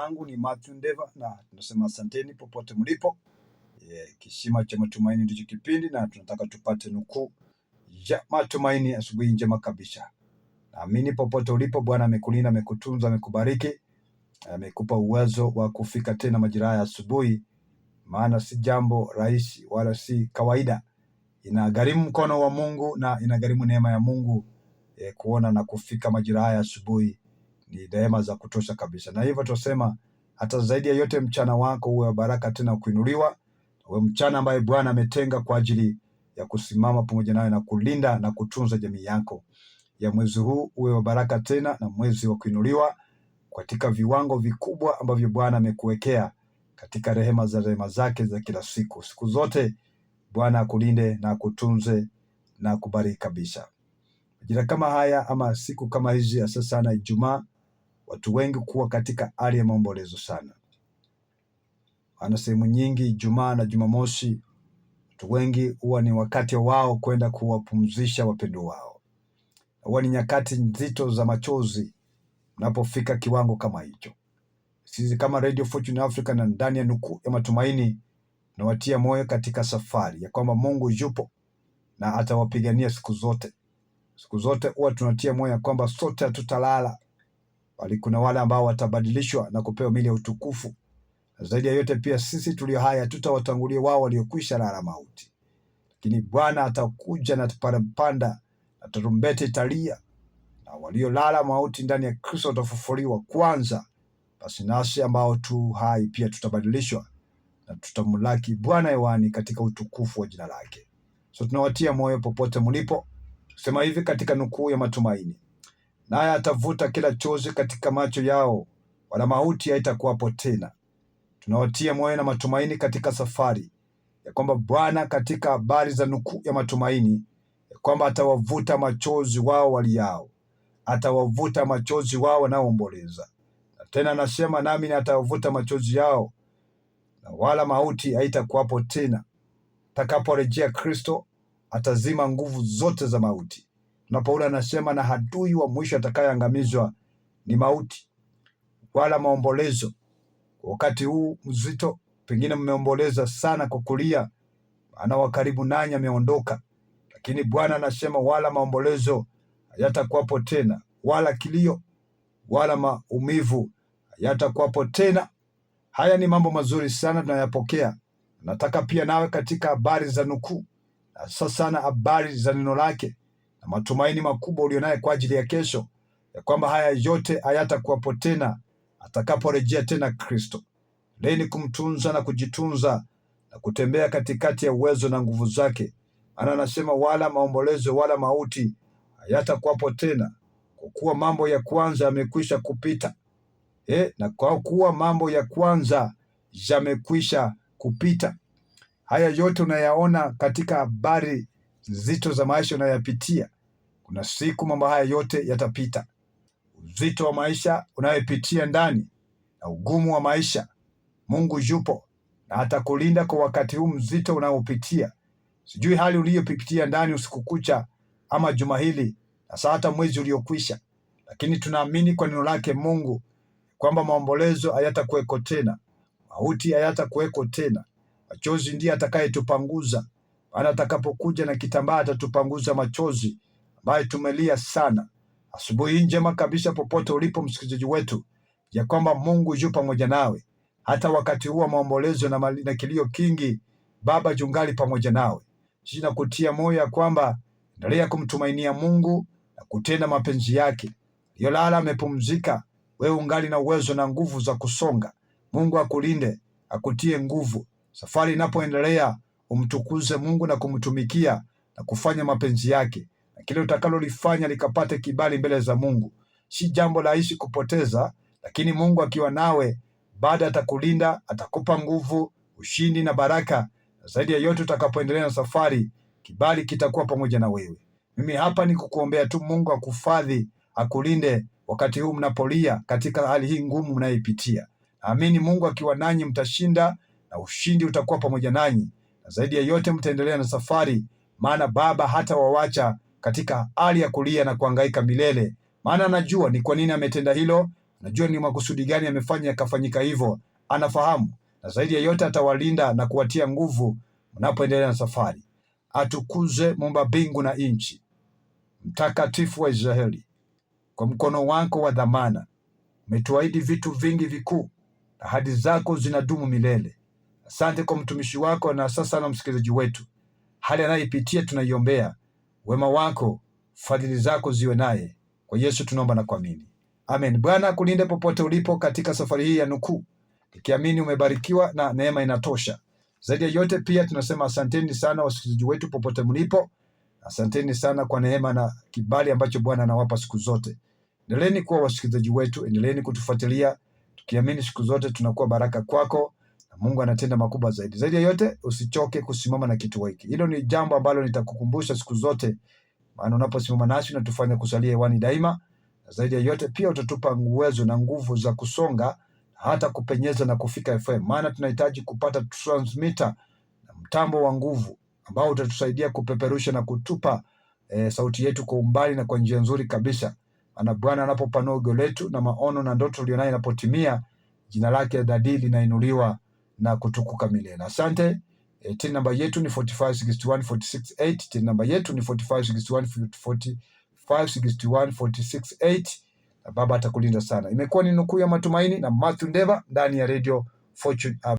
langu ni Mathew Ndeva na tunasema asanteni popote mlipo. Yeah, kisima cha matumaini ndicho kipindi na tunataka tupate nukuu ya matumaini. Asubuhi njema kabisa, naamini popote ulipo Bwana amekulinda, amekutunza, amekubariki, amekupa uwezo wa kufika tena majira ya asubuhi, maana si jambo rahisi wala si kawaida. Inagharimu mkono wa Mungu na inagharimu neema ya Mungu eh, kuona na kufika majira haya asubuhi ni neema za kutosha kabisa, na hivyo tunasema hata zaidi ya yote, mchana wako uwe wa baraka tena kuinuliwa, uwe mchana ambaye Bwana ametenga kwa ajili ya kusimama pamoja nawe na kulinda na kutunza jamii yako. Ya mwezi huu uwe wa baraka tena na mwezi wa kuinuliwa katika viwango vikubwa ambavyo Bwana amekuwekea katika rehema za rehema zake za kila siku. Siku zote Bwana akulinde na akutunze na akubariki kabisa. Majira kama haya ama siku kama hizi, hasa sana Ijumaa watu wengi kuwa katika hali ya maombolezo sana. Maana sehemu nyingi Ijumaa na Jumamosi watu wengi huwa ni wakati wao kwenda kuwapumzisha wapendwa wao. Huwa ni nyakati nzito za machozi napofika kiwango kama hicho. Sisi kama Radio Fortune Africa na ndani ya nukuu ya matumaini nawatia moyo katika safari ya kwamba Mungu yupo na atawapigania siku zote. Siku zote huwa tunatia moyo ya kwamba sote hatutalala, bali kuna wale ambao watabadilishwa na kupewa mili ya utukufu. Na zaidi ya yote pia sisi tulio haya tutawatangulia wao waliokwisha lala mauti. Lakini Bwana atakuja na parapanda na tarumbeta italia, na waliolala mauti ndani ya Kristo watafufuliwa kwanza. Basi nasi ambao tu hai pia tutabadilishwa na tutamlaki Bwana hewani katika utukufu wa jina lake. So tunawatia moyo popote mlipo, sema hivi katika nukuu ya matumaini naye atavuta kila chozi katika macho yao, wala mauti haitakuwapo tena. Tunawatia moyo na matumaini katika safari ya kwamba Bwana katika habari za nukuu ya matumaini ya kwamba atawavuta machozi wao waliao, atawavuta machozi wao wanaoomboleza, na tena anasema nami atawavuta machozi yao, na wala mauti haitakuwapo tena. Atakaporejea Kristo atazima nguvu zote za mauti na Paulo anasema na hatui wa mwisho atakayeangamizwa ni mauti, wala maombolezo. Wakati huu mzito, pengine mmeomboleza sana kwa kulia, ana wa karibu nanyi ameondoka, lakini Bwana anasema wala maombolezo hayatakuwapo tena, wala kilio, wala maumivu hayatakuwapo tena. Haya ni mambo mazuri sana tunayapokea. Nataka pia nawe katika habari za nukuu, sasa sana habari za neno lake na matumaini makubwa ulionaye kwa ajili ya kesho, ya kwamba haya yote hayatakuwapo tena atakaporejea tena Kristo. Leo ni kumtunza na kujitunza na kutembea katikati ya uwezo na nguvu zake, maana anasema wala maombolezo wala mauti hayatakuwapo tena, kwa kuwa mambo ya kwanza yamekwisha kupita. Eh, na kwa kuwa mambo ya kwanza yamekwisha kupita. Haya yote unayaona katika habari nzito za maisha unayoyapitia, kuna siku mambo haya yote yatapita. Uzito wa maisha unayopitia ndani na ugumu wa maisha, Mungu yupo na atakulinda kwa wakati huu mzito unaopitia. Sijui hali uliyopitia ndani usiku kucha ama juma hili saa hata mwezi uliokwisha, lakini tunaamini kwa neno lake Mungu kwamba maombolezo hayatakuweko tena, mauti hayatakuweko tena. Machozi ndiye atakayetupanguza, maana atakapokuja na kitambaa atatupanguza machozi ambaye tumelia sana asubuhi njema kabisa, popote ulipo msikilizaji wetu, ya kwamba Mungu yu pamoja nawe hata wakati huu wa maombolezo na, na kilio kingi, Baba jungali pamoja nawe. Sisi nakutia moyo ya kwamba endelea kumtumainia Mungu na kutenda mapenzi yake. Yolala amepumzika, wewe ungali na uwezo na nguvu za kusonga. Mungu akulinde, akutie nguvu. Safari inapoendelea, umtukuze Mungu na kumtumikia na kufanya mapenzi yake na kile utakalolifanya likapate kibali mbele za Mungu. Si jambo rahisi kupoteza, lakini Mungu akiwa nawe baada atakulinda, atakupa nguvu, ushindi na baraka. Na zaidi ya yote, utakapoendelea na safari, kibali kitakuwa pamoja na wewe. Mimi hapa ni kukuombea tu, Mungu akufadhi, akulinde wakati huu mnapolia katika hali hii ngumu mnayoipitia. Naamini Mungu akiwa nanyi mtashinda na ushindi utakuwa pamoja nanyi, na zaidi ya yote mtaendelea na safari, maana Baba hata wawacha katika hali ya kulia na kuangaika milele, maana anajua ni kwa nini ametenda hilo, anajua ni makusudi gani amefanya akafanyika hivyo, anafahamu, na zaidi ya yote atawalinda na kuwatia nguvu mnapoendelea na safari. Atukuze mumba mbingu na nchi, Mtakatifu wa Israeli. Kwa mkono wako wa dhamana umetuahidi vitu vingi vikuu, ahadi zako zinadumu milele. Asante kwa mtumishi wako na sasa na msikilizaji wetu, hali anayoipitia tunaiombea wema wako, fadhili zako ziwe naye. Kwa Yesu tunaomba na kuamini, amen. Bwana kulinde popote ulipo katika safari hii ya nukuu, nikiamini umebarikiwa na neema inatosha. Zaidi ya yote, pia tunasema asanteni sana wasikilizaji wetu popote mlipo, asanteni sana kwa neema na kibali ambacho Bwana anawapa siku zote. Endeleeni kuwa wasikilizaji wetu, endeleeni kutufuatilia, tukiamini siku zote tunakuwa baraka kwako Mungu anatenda makubwa zaidi. Zaidi ya yote, usichoke kusimama na kitu hiki. Hilo ni jambo ambalo nitakukumbusha siku zote, maana unaposimama nasi unatufanya kusalia hewani daima, na zaidi ya yote pia utatupa uwezo na nguvu za kusonga hata kupenyeza na kufika FM, maana tunahitaji kupata transmitter na mtambo wa nguvu ambao utatusaidia kupeperusha na kutupa e, sauti yetu kwa umbali na kwa njia nzuri kabisa, Ana Bwana anapopanua ugo letu na maono na ndoto ulionayo inapotimia, jina lake dadili linainuliwa na kutukuka milele. Asante. E, eh, TIN namba yetu ni 4561468. TIN namba yetu ni 4561468. Na Baba atakulinda sana. Imekuwa ni nukuu ya matumaini na Mathew Ndeva ndani ya Radio Fortune.